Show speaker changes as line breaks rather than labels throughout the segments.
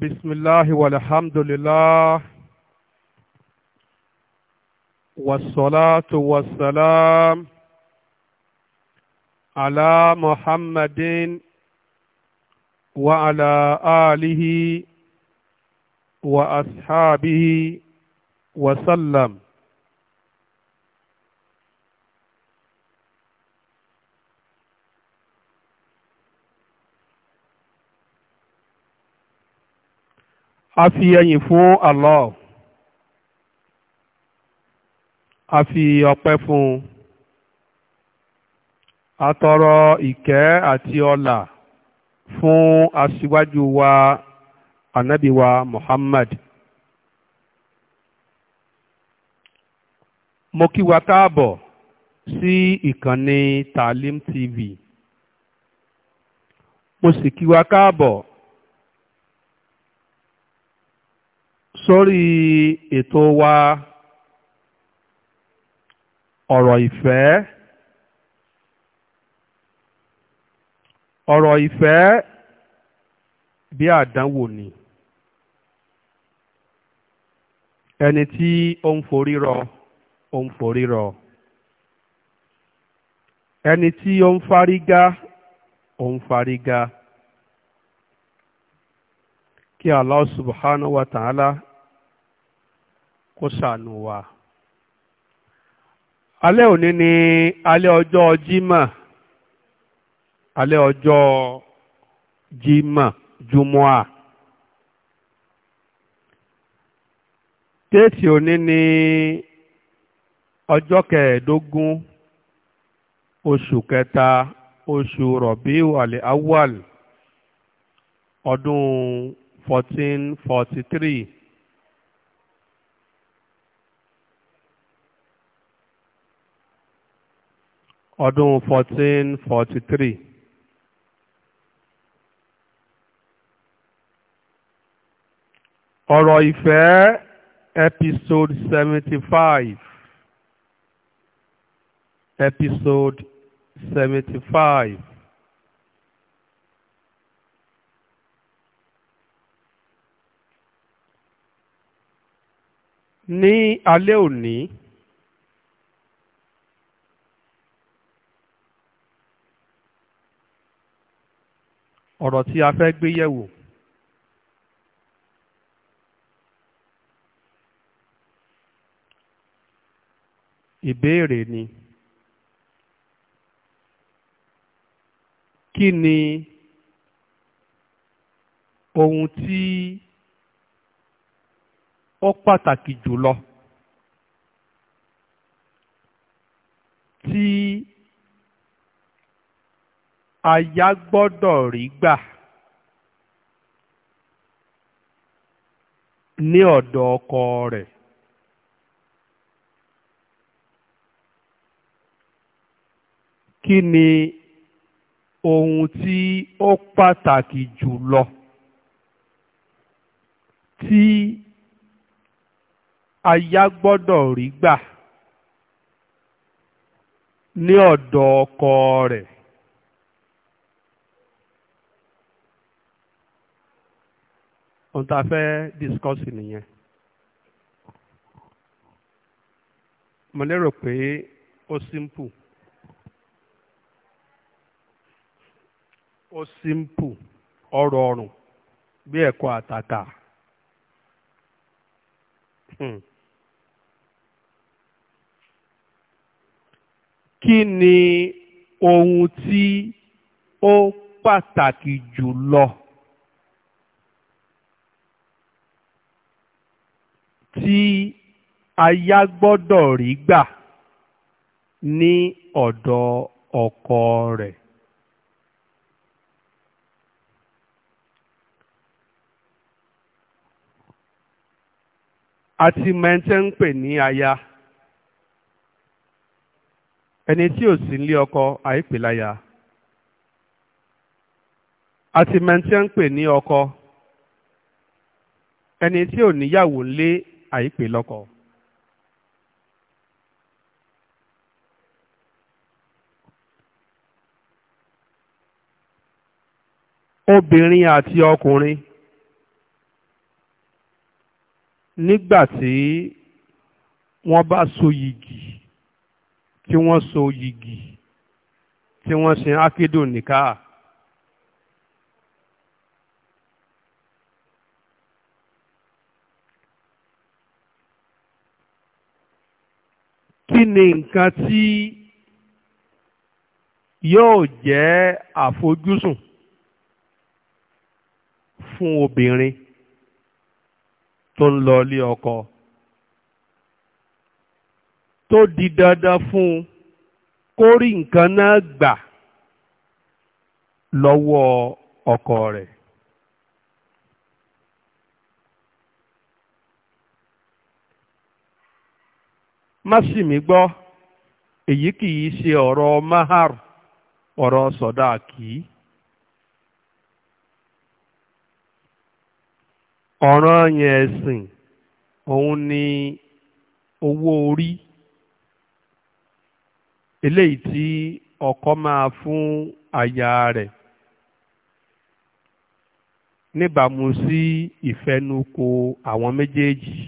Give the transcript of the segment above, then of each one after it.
بسم الله والحمد لله والصلاة والسلام على محمد وعلى آله وأصحابه وسلم a fi ẹyìn fún Allah a fi ọpẹ́ fún un a tọrọ ìkẹ́ àti ọlà fún aṣíwájú wa ànábì wa Muhammad mo kí wa káàbọ̀ sí ìkànnì Talim TV mo sì kí wa káàbọ̀ sórí ètò wa ọ̀rọ̀ ìfẹ́ ọ̀rọ̀ ìfẹ́ bí àdánwò ni ẹni tí ó ń forí rọ ó ń forí rọ ẹni tí ó ń fárígá ó ń fárígá kí aláwọ̀ subhanahu wa ta'ala kó ṣàánú òní ni alẹ́ ọjọ́ Jímọ̀ alẹ́ ọjọ́ Jímọ̀ jùmọ̀à. déètì òní ni ọjọ́ kẹẹ̀ẹ́dógún oṣù kẹta oṣù rọ̀bí wàlẹ̀ awal ọdún 1443 ọdún 1443 ọ̀rọ̀ ìfẹ́ episode 75 episode 75 ní alẹ́ òní ọ̀rọ̀ tí a fẹ́ gbé yẹ̀wò ìbéèrè ni kí ni ohun tí ó pàtàkì jùlọ tí aya gbọ́dọ̀ rí gbà ní ọ̀dọ̀ ọkọ rẹ̀. kí ni ohun tí ó pàtàkì jùlọ tí aya gbọ́dọ̀ rí gbà ní ọ̀dọ̀ ọkọ rẹ̀. ohun tá a fẹ́ discuss nìyẹn. mo lérò pé ó simple ó simple ọ̀rọ̀ ọ̀rùn bí ẹ̀kọ́ àtàtà hmm. kí ni ohun tí ó pàtàkì jùlọ lọ. tí aya gbọ́dọ̀ rí gbà ní ọ̀dọ̀ ọkọ rẹ̀. àti mẹ́ńtẹ́ ń pè ní aya ẹni tí ò sí nílé ọkọ àìpè àti mẹ́ńtẹ́ ń pè ní ọkọ ẹni tí ò níyàwó ńlé àìpè lọ́kọ. obìnrin àti ọkùnrin nígbà tí wọ́n bá so yìgì tí wọ́n so yìgì tí wọ́n ṣe ákédò nìkáà ni nǹkan tí yóò jẹ́ àfojúsùn fún obìnrin tó ń lọ ilé ọkọ tó di dandan fún un kó rí nǹkan náà gbà lọ́wọ́ ọkọ rẹ̀. má gbọ́ èyí kì í ṣe ọ̀rọ̀ mahar ọ̀rọ̀ sọ̀dáàkì. ọ̀ràn yẹn ẹ̀sìn òun ni owó orí eléyìí tí ọkọ máa fún àyà rẹ̀ níbàámu sí ìfẹnukò àwọn méjèèjì.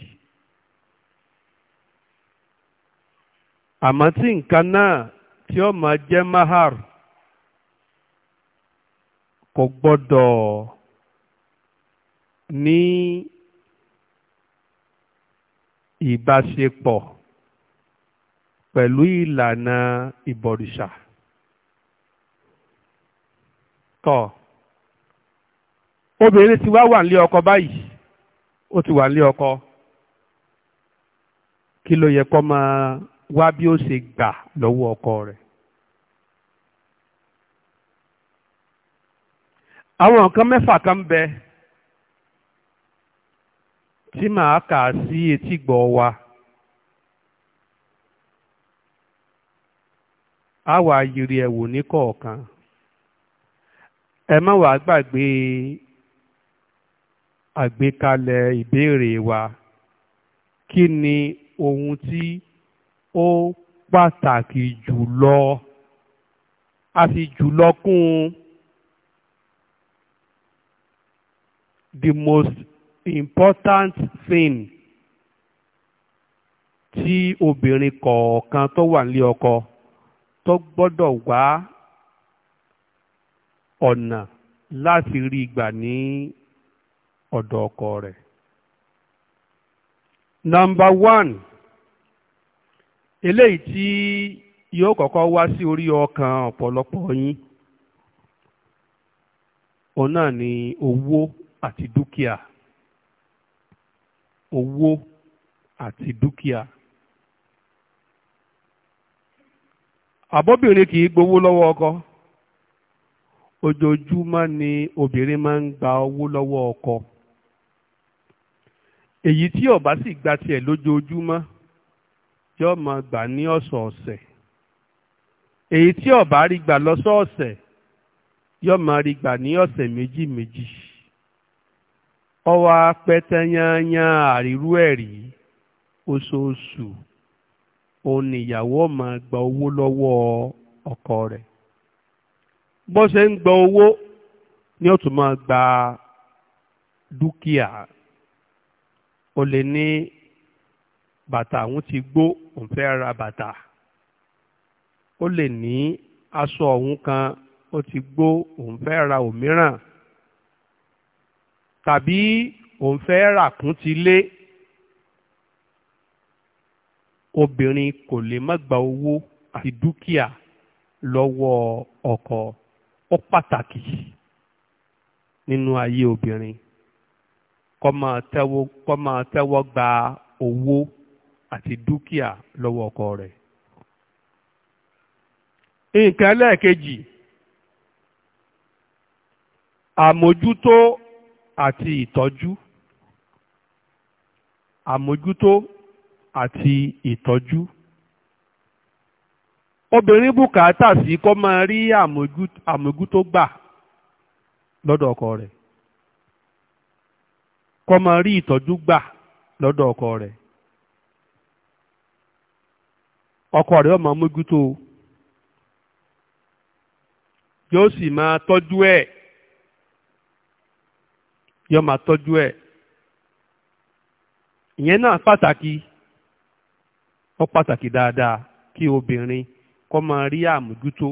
àmọ́ tí nǹkan náà tí ó máa jẹ́ mahar kò gbọ́dọ̀ ní ìbáṣepọ̀ pẹ̀lú ìlànà ìbọ̀rìṣà tọ́ obìnrin ti wá wà nílé ọkọ báyìí ó ti wà nílé ọkọ kí ló yẹ kó máa wá bí ó ṣe gbà lọ́wọ́ ọkọ rẹ̀. àwọn nǹkan mẹ́fà kan bẹ tí màá kà sí etígbọ̀ wa á wà yiri ẹ̀wò ní kọ̀ọ̀kan ẹ má wàá gbàgbé àgbékalẹ̀ ìbéèrè wa kí ni ohun tí ó pàtàkì jùlọ a sì jùlọ kún the most important thing tí obìnrin kọ̀ọ̀kan tó wà nílé ọkọ tó gbọ́dọ̀ wá ọ̀nà láti rí gbà ní ọ̀dọ̀ ọkọ rẹ̀. number one eléyìí tí yóò kọ́kọ́ wá sí orí ọkàn ọ̀pọ̀lọpọ̀ yín òun náà ni owó àti dúkìá owó àti dúkìá àbọ́bìnrin kì í gbowó lọ́wọ́ ọkọ ojoojúmọ́ ni obìnrin máa ń gba owó lọ́wọ́ ọkọ èyí tí ó sì gba tiẹ̀ lójoojúmọ́ yọ ma gbà ní ọ̀sọ̀ọ̀sẹ̀ èyí tí ó bá rí gbà lọ́sọ̀ọ̀sẹ̀ yọ ma rí gbà ní ọ̀sẹ̀ méjì méjì ọwọ́ apẹ́tẹ́yányán àrírú ẹ̀rí oṣooṣù òun nìyàwó ma gba owó lọ́wọ́ ọkọ rẹ̀ bó ṣe ń gba owó ni ó tún máa gba dúkìá o lè ní bàtà àwọn ti gbó òun fẹ́ ra bàtà ó lè ní aṣọ òun kan ó ti gbó òun fẹ́ ra òmíràn tàbí òun fẹ́ rà kún ti lé obìnrin kò lè má gba owó àti dúkìá lọ́wọ́ ọkọ ó pàtàkì nínú ayé obìnrin kó máa tẹ́wọ́ gba owó àti dúkìá lọ́wọ́ ọkọ rẹ̀. nǹkan lẹ́ẹ̀kejì àmójútó àti ìtọ́jú àmójútó àti ìtọ́jú obìnrin bùkátà sí kó máa rí àmójútó gbà lọ́dọ̀ ọkọ rẹ̀ kó máa rí ìtọ́jú gbà lọ́dọ̀ ọkọ rẹ̀ ọkọ rẹ̀ ọmọ mójútó yóò sì máa tọ́jú ẹ̀ yóò máa tọ́jú ẹ̀ ìyẹn náà pàtàkì ó pàtàkì dáadáa kí obìnrin kó máa rí àmójútó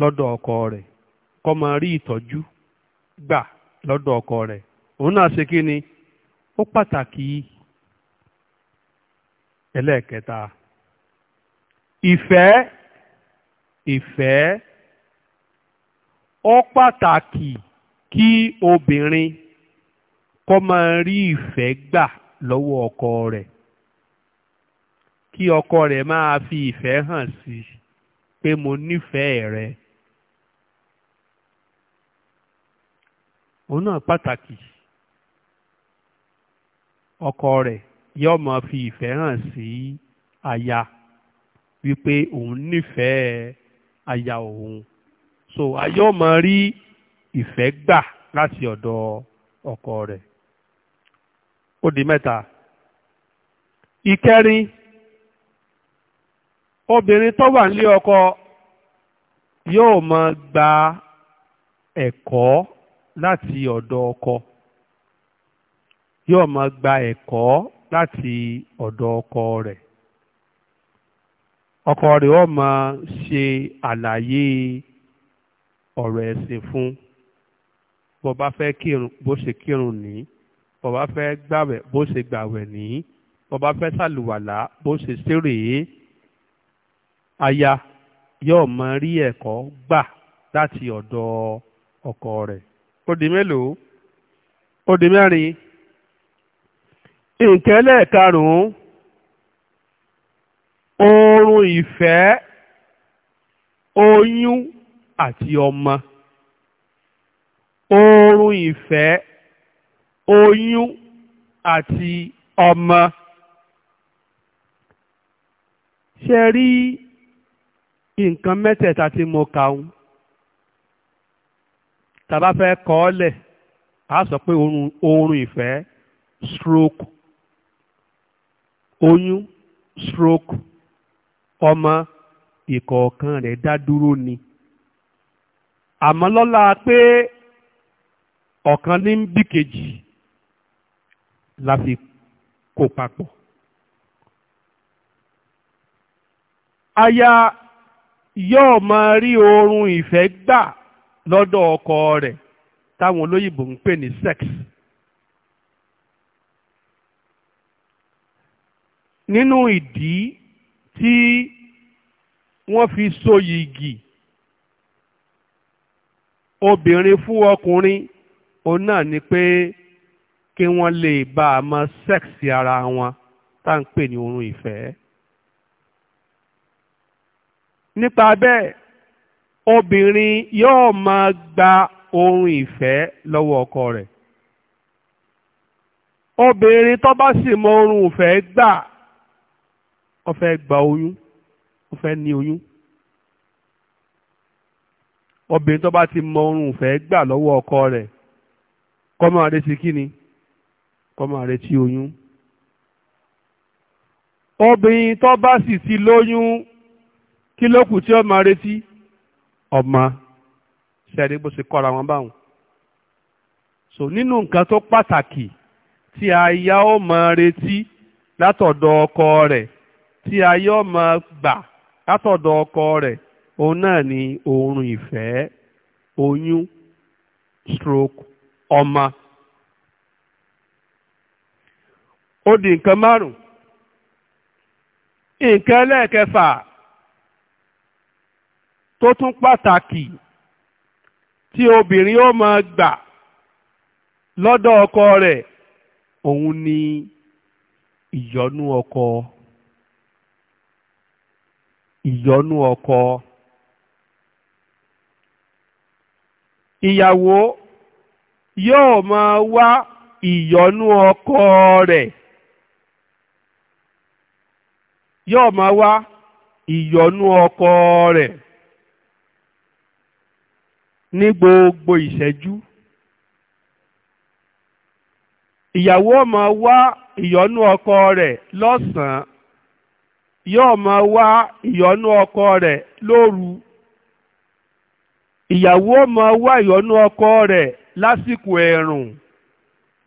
lọ́dọ̀ ọkọ rẹ̀ kó máa rí ìtọ́jú gbà lọ́dọ̀ ọkọ rẹ̀ òun náà ṣe kí ni ó pàtàkì ẹlẹ́ẹ̀kẹta. ìfẹ́ ìfẹ́ ó pàtàkì kí obìnrin kó máa rí ìfẹ́ gbà lọ́wọ́ ọkọ rẹ̀ kí ọkọ rẹ̀ máa fi ìfẹ́ hàn sí i pé mo nífẹ̀ẹ́ rẹ. òun náà pàtàkì ọkọ rẹ̀ yóò máa fi ìfẹ́ hàn sí aya wípé òun nífẹ̀ẹ́ aya òun so aya ó máa rí ìfẹ́ gbà láti ọ̀dọ̀ ọkọ rẹ̀ ó di mẹ́ta ìkẹrin obìnrin tó wà nílé ọkọ yóò máa gba ẹ̀kọ́ láti ọ̀dọ̀ ọkọ yóò máa gba ẹ̀kọ́ láti ọ̀dọ̀ ọkọ rẹ̀ ọkọ rẹ̀ ó máa ṣe àlàyé ọ̀rọ̀ ẹ̀sìn fún bó bá fẹ́ kírun bó ṣe kírun ní bó bá fẹ́ gbàwẹ̀ bó ṣe gbàwẹ̀ ní bó bá fẹ́ ṣàlùwàlá bó ṣe ṣeré aya yóò máa rí ẹ̀kọ́ gbà láti ọ̀dọ̀ ọkọ rẹ̀ ó di mélòó ó di mẹ́rin nǹkan oorun ìfẹ́ oyún àti ọmọ oorun ìfẹ́ oyún àti ọmọ ṣe rí nǹkan mẹ́tẹ̀ẹ̀ta tí mo kà ń tàbá fẹ́ kọ́ ọ lẹ̀ a sọ pé oorun ìfẹ́ stroke oyún stroke ọmọ ìkọ̀ọ̀kan rẹ̀ dá dúró ni àmọ́ lọ́la pé ọ̀kan ní ń bí kejì la fi kó papọ̀. aya yóò máa rí oorun ìfẹ́ gbà lọ́dọ̀ ọkọ rẹ̀ táwọn olóyìnbó ń pè ní sex. nínú ìdí tí wọ́n fi so yìgì obìnrin fún ọkùnrin òun náà ni pé kí wọ́n lè bá a mọ sẹ́ẹ̀sì ara wọn tá à ń pè ní oorun ìfẹ́. nípa bẹ́ẹ̀ obìnrin yóò máa gba oorun ìfẹ́ lọ́wọ́ ọkọ rẹ̀ obìnrin tó bá sì mọ oorun ìfẹ́ gbà ó fẹ́ gba oyún ó fẹ́ ní oyún obìnrin tó bá ti mọ oorun fẹ́ gbà lọ́wọ́ ọkọ rẹ̀ kó máa retí kíni kó máa retí oyún obìnrin tó bá sì ti lóyún kí ló kù tí ó máa retí ọmọ ṣẹ́ni bó ṣe kọ́ra wọn báwọn so nínú nǹkan tó pàtàkì tí aya ó máa retí látọ̀dọ̀ ọkọ rẹ̀ tí ayé ọmọ gbà látọ̀dọ̀ ọkọ rẹ̀ òun náà ni oorun ìfẹ́ oyún stroke ọmọ. ó di nǹkan márùn-ún nǹkan ẹlẹ́ẹ̀kẹfà tó tún pàtàkì tí obìnrin ó máa gbà lọ́dọ̀ ọkọ rẹ̀ òun ni ìyọnú ọkọ. ìyọnú ọkọ ìyàwó yóò máa wá ìyọnú ọkọ rẹ̀ yóò máa wá ìyọnú ọkọ rẹ̀ ní gbogbo ìṣẹ́jú ìyàwó máa wá ìyọnú ọkọ rẹ̀ lọ́sàn yóò máa wá ìyọ́nú ọkọ rẹ̀ lóru ìyàwó máa wá ìyọ́nú ọkọ rẹ̀ lásìkò ẹ̀rùn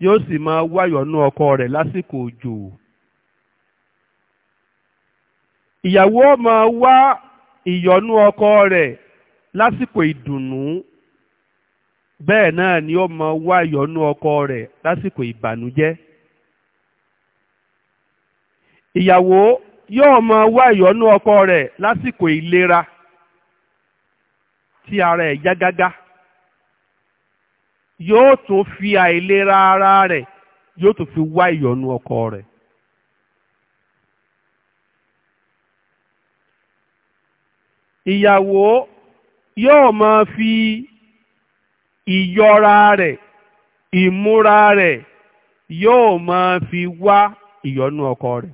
yóò sì máa wá ìyọ́nú ọkọ rẹ̀ lásìkò òjò ìyàwó máa wá ìyọ́nú ọkọ rẹ̀ lásìkò ìdùnnú bẹ́ẹ̀ náà ni ó máa wá ìyọ́nú ọkọ rẹ̀ lásìkò ìbànújẹ́ ìyàwó yóò mọ wá ìyọ́nú ọkọ rẹ̀ lásìkò ìlera tí ara ẹ̀ yá gágá yóò tún fi àìlera ara rẹ̀ yóò tún fi wá ìyọ́nú ọkọ rẹ̀. ìyàwó yóò máa fi ìyọra rẹ̀ ìmúra rẹ̀ yóò máa fi wá ìyọ́nú ọkọ rẹ̀.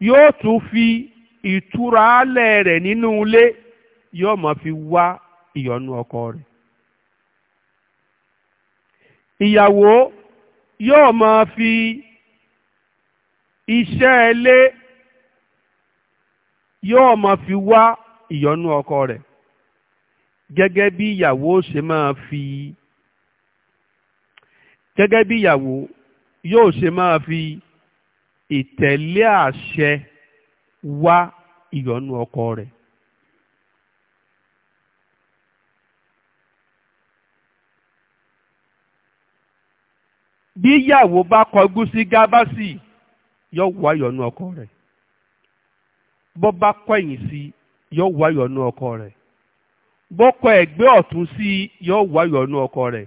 yóò tún fi ìtura alẹ́ rẹ̀ nínú ilé yóò máa fi wá ìyọnu ọkọ rẹ̀. ìyàwó yóò máa fi iṣẹ́ ilé yóò máa fi wá ìyọnu ọkọ rẹ̀ gẹ́gẹ́ bí ìyàwó ṣe máa fi gẹ́gẹ́ bí ìyàwó yóò ṣe máa fi ìtẹ̀lé àṣẹ wá ìyọnu ọkọ rẹ̀. bí ìyàwó bá kọjú sí gábásì yóò wá ìyọnu ọkọ rẹ̀ bó bá kọ̀yìn sí yóò wá ìyọnu ọkọ rẹ̀ bó kọ ẹ̀gbẹ́ ọ̀tún sí yóò wá ìyọnu ọkọ rẹ̀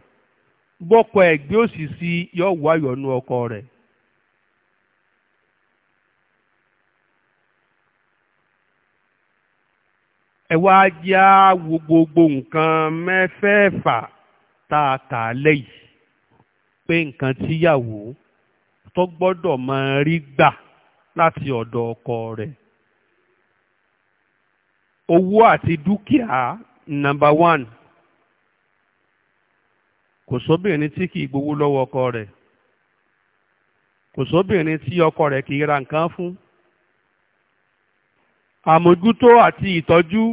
bó kọ ẹ̀gbẹ́ òsì sí yóò wá ìyọnu ọkọ rẹ̀. ẹ wá já wo gbogbo nǹkan mẹ́fẹ̀ẹ̀fà tá a kà lẹ́yìn pé nǹkan tíyàwó tó gbọ́dọ̀ máa rí gbà láti ọ̀dọ̀ ọkọ rẹ̀ owó àti dúkìá number one kò sóbìnrin tí kì í gbowó lọ́wọ́ ọkọ rẹ̀ kò sóbìnrin tí ọkọ rẹ̀ kì í ra nǹkan fún àmójútó àti ìtọ́jú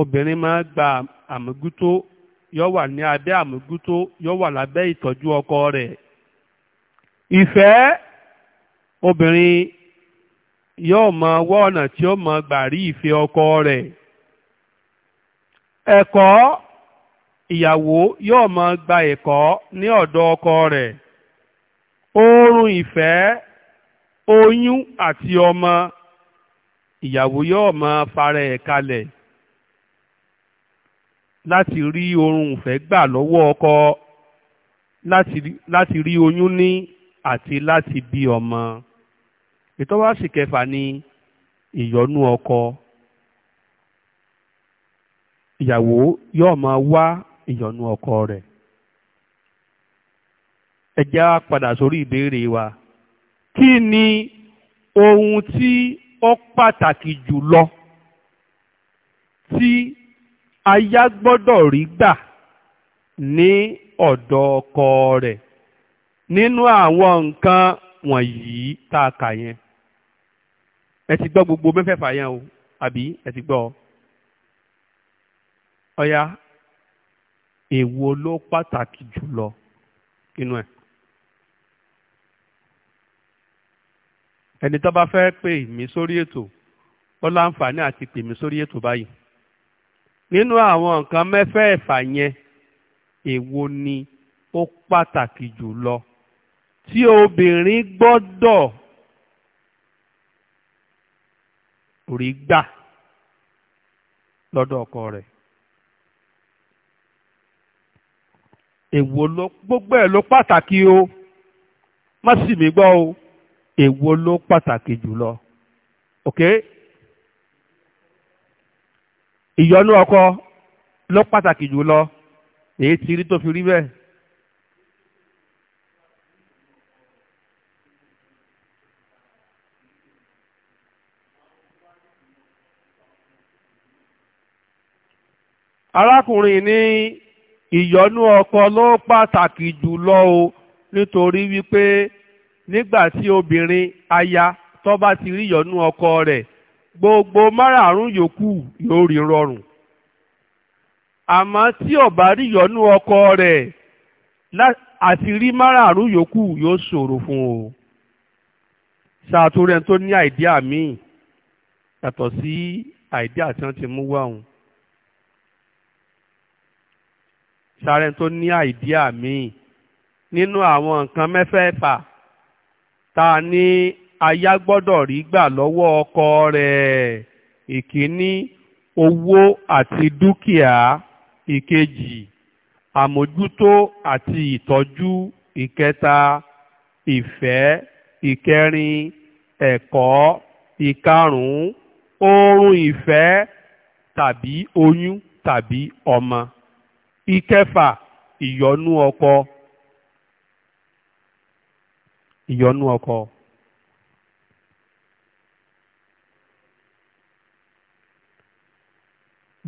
obìnrin máa gba àmójútó yóò wà ní abẹ́ àmójútó yóò wà lábẹ́ ìtọ́jú ọkọ rẹ̀ ìfẹ́ obìnrin yóò mọ wọ́ ọ̀nà tí ó mọ gbà rí ìfẹ́ ọkọ rẹ̀ ẹ̀kọ́ ìyàwó yóò mọ gba ẹ̀kọ́ ní ọ̀dọ̀ ọkọ rẹ̀ oorun ìfẹ́ oyún àti ọmọ ìyàwó yóò mọ fara ẹ̀ kalẹ̀ láti rí oorun ìfẹ́ gbà lọ́wọ́ ọkọ láti rí oyún ní àti láti bí ọmọ ìtọ́wásì kẹfà ni ìyọnú ọkọ ìyàwó yóò máa wá ìyọnú ọkọ rẹ̀ ẹ jẹ́ á padà sórí ìbéèrè wa kí ni ohun tí ó pàtàkì jùlọ tí aya gbọ́dọ̀ rí gbà ní ọ̀dọ̀ ọkọ rẹ̀ nínú àwọn nǹkan wọ̀nyí tá a kà yẹn ẹ ti gbọ́ gbogbo mẹ́fẹ̀ẹ̀fà yẹn o àbí ẹ ti gbọ́ ọ̀ya èwo ló pàtàkì jùlọ nínú ẹ̀. ẹni tó bá fẹ́ pè mí sórí ètò ó láǹfààní àti pè mí sórí ètò báyìí nínú àwọn nǹkan mẹ́fẹ̀ẹ̀fà yẹn èwo ni ó pàtàkì jùlọ tí obìnrin gbọ́dọ̀ rí gbà lọ́dọ̀ ọkọ rẹ̀ èwo ló gbogbo ẹ̀ ló pàtàkì o má sì mí gbọ́ o èwo ló pàtàkì jùlọ okay ìyọnú ọkọ ló pàtàkì jùlọ èyí tí rí tó fi rí bẹ́ẹ̀. arákùnrin ní ìyọnú ọkọ ló pàtàkì jùlọ o nítorí wípé nígbà tí obìnrin aya tó bá ti rí ìyọnú ọkọ rẹ̀ gbogbo márààrún yòókù yóò rí rọrùn àmọ́ tí ó bá rí yọ́nú ọkọ rẹ̀ àti rí márààrún yòókù yóò ṣòro fún o ṣàtúrẹ́ tó ní àìdíà míì yàtọ̀ sí àìdíà tí wọ́n ti mú wá òun ṣàrẹ́ tó ní àìdíà míì nínú àwọn nǹkan mẹ́fẹ̀ẹ̀fà tá a ní aya gbọ́dọ̀ rí gbà lọ́wọ́ ọkọ rẹ̀ ìkíní owó àti dúkìá ìkejì àmójútó àti ìtọ́jú ìkẹta ìfẹ́ ìkẹrin ẹ̀kọ́ ìkarùn-ún oorun ìfẹ́ tàbí oyún tàbí ọmọ ìkẹfà ìyọnú ọkọ ìyọnú ọkọ.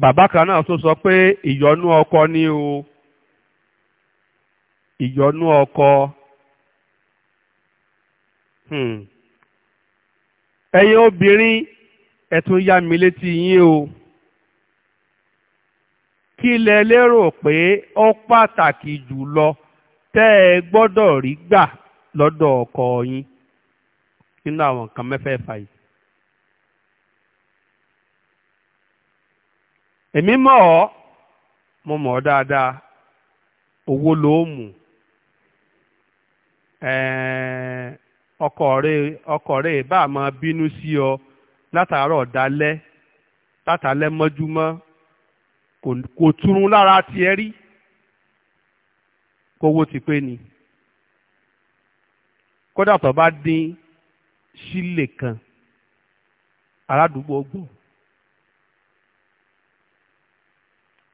bàbá kan náà tó sọ pé ìyọnú ọkọ ni o ìyọnú ọkọ hmm. ẹ̀yin obìnrin ẹ tún yá mi létí yín o kí lẹ lérò pé ó pàtàkì jùlọ tẹ ẹ gbọ́dọ̀ rí gbà lọ́dọ̀ ọkọ yín nínú àwọn nǹkan mẹ́fẹ̀ẹ̀fà yìí. èmi mọ̀ ọ́ mo mọ̀ dáadáa owó ló mú ọkọ rẹ ọkọ rẹ bá a máa bínú sí ọ látàárọ̀ dalẹ́ látàlẹ́ mọ́júmọ́ kò túrún lára tiẹ̀ rí kówó ti pé ni kódà tó bá dín sílè kan aládùúgbò gbọ́.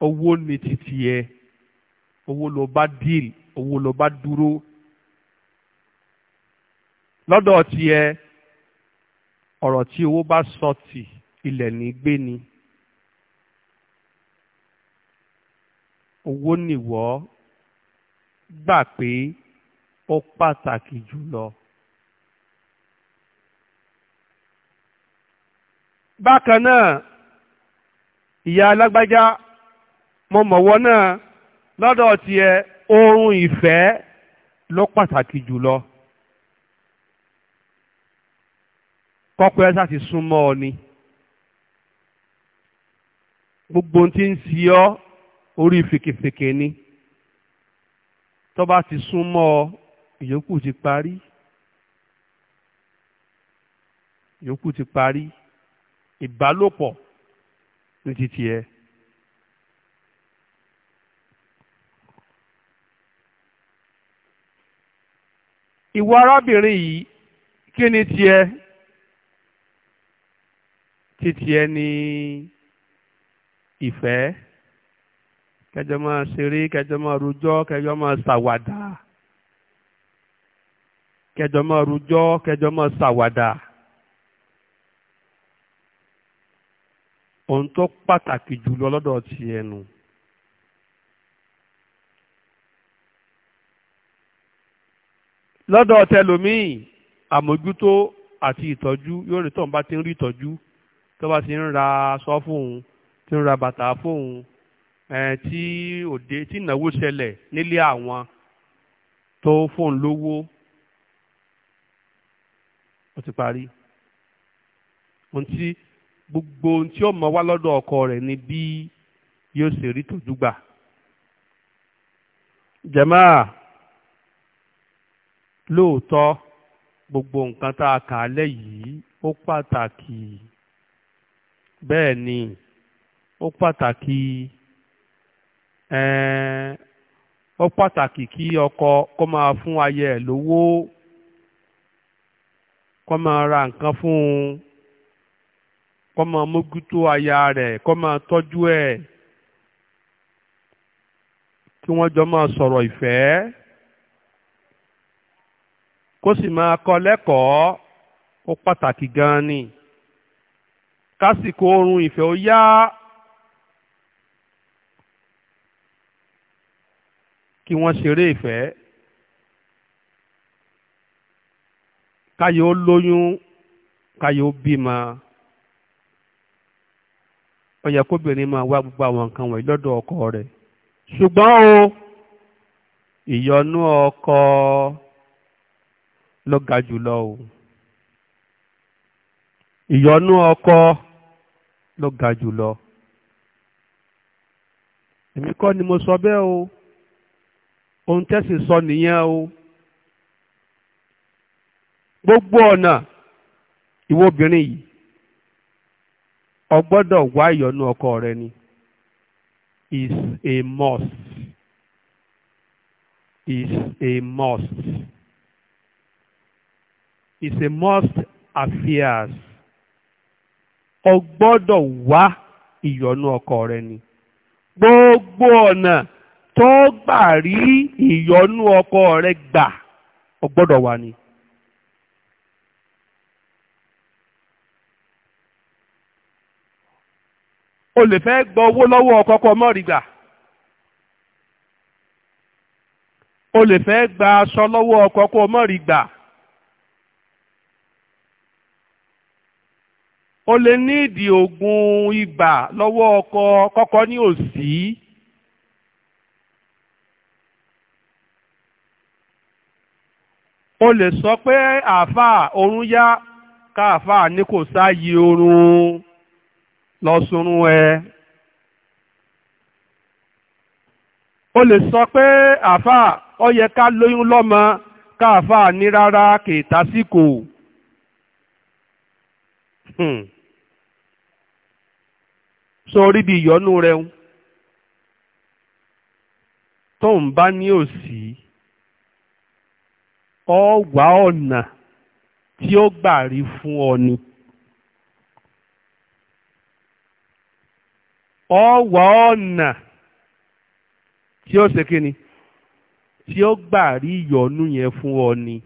owó ní títí ẹ owó ló bá díìl owó ló bá dúró lọ́dọ̀ tiẹ̀ ọ̀rọ̀ tí owó bá sọ tì ilẹ̀ ní gbé ni owó nìwọ́ gbà pé ó pàtàkì jùlọ. bákan náà ìyá alágbájá mo mọ̀wọ́ náà lọ́dọ̀ tiẹ̀ oorun ìfẹ́ ló pàtàkì jùlọ. kọ́pẹ́ ẹ̀sà ti súnmọ́ ọ ni gbogbo ohun tí ń si ọ́ orí fèkèfèkè ni tó bá ti súnmọ́ ọ ìyókù ti parí ìyókù ti parí ìbálòpọ̀ ní titi ẹ̀. ìwọ arábìnrin yìí kí ni tiẹ̀ títí ẹ ní ìfẹ́ kẹjọ máa ṣeré kẹjọ máa rojọ́ kẹjọ máa ṣàwàdà kẹjọ máa rojọ́ kẹjọ máa ṣàwàdà ohun tó pàtàkì jùlọ lọ́dọ̀ tiẹ̀ nù. lọ́dọ̀ tẹlòmíì àmójútó àti ìtọ́jú yóò rí tóun bá ti ń rí ìtọ́jú tó bá ti ń ra aṣọ fóun ti ń ra bàtà fóun tí òde tí ìnáwó ṣẹlẹ̀ nílé àwọn tó fóun lówó ó ti parí ohun tí gbogbo ohun tí ó mọ wá lọ́dọ̀ ọkọ rẹ̀ ni bí yóò ṣe rí tọ́jú gbà. jẹ̀máà lóòótọ́ gbogbo nǹkan tá a kà á lẹ̀ yìí ó pàtàkì bẹ́ẹ̀ ni ó pàtàkì eh, ó pàtàkì kí ọkọ kó máa fún ayé ẹ̀ lówó kó máa ra nǹkan fún un kó máa mójútó aya rẹ̀ kó máa tọ́jú ẹ̀ kí wọ́n jọ máa sọ̀rọ̀ ìfẹ́. kó sì máa kọ́ lẹ́kọ̀ọ́ ó pàtàkì gan-an ni kásìkò oorun ìfẹ́ ó yá kí wọ́n ṣeré ìfẹ́ káyé ó lóyún káyé ó bímọ ó kóbìnrin máa wá gbogbo àwọn nǹkan wọ̀nyí lọ́dọ̀ ọkọ rẹ̀ ṣùgbọ́n o ìyọnú ọkọ ló ga jùlọ o ìyọnú ọkọ ló ga jùlọ èmi kọ́ ni mo sọ bẹ́ẹ̀ o ohun tẹ́sí sọ nìyẹn o gbogbo ọ̀nà ìwọ obìnrin yìí o gbọ́dọ̀ wá ìyọnú ọkọ rẹ ni is a must is a must. is a must affairs o wá ìyọnu ọkọ rẹ ni gbogbo ọ̀nà tó rí ìyọnu ọkọ rẹ gbà o wá ni. lè fẹ́ gba owó lọ́wọ́ gba o lè ní ìdí oògùn ibà lọ́wọ́ ọkọ kọ́kọ́ ní òsì. o lè sọ pé àáfàá oorun yá káàfàá ní kò sáàyè oorun lọ́sùnrún ẹ. o lè sọ pé àáfàá ó yẹ ká lóyún lọ́mọ káàfàá ní rárá kèé tásìkò. Hmm. sọ orí bí ìyọnú rẹ ń bá ní òsì ọ wá ọ̀nà tí ó gbà rí fún ọ ni. tí ó ṣe kí yẹn fún ọ ni.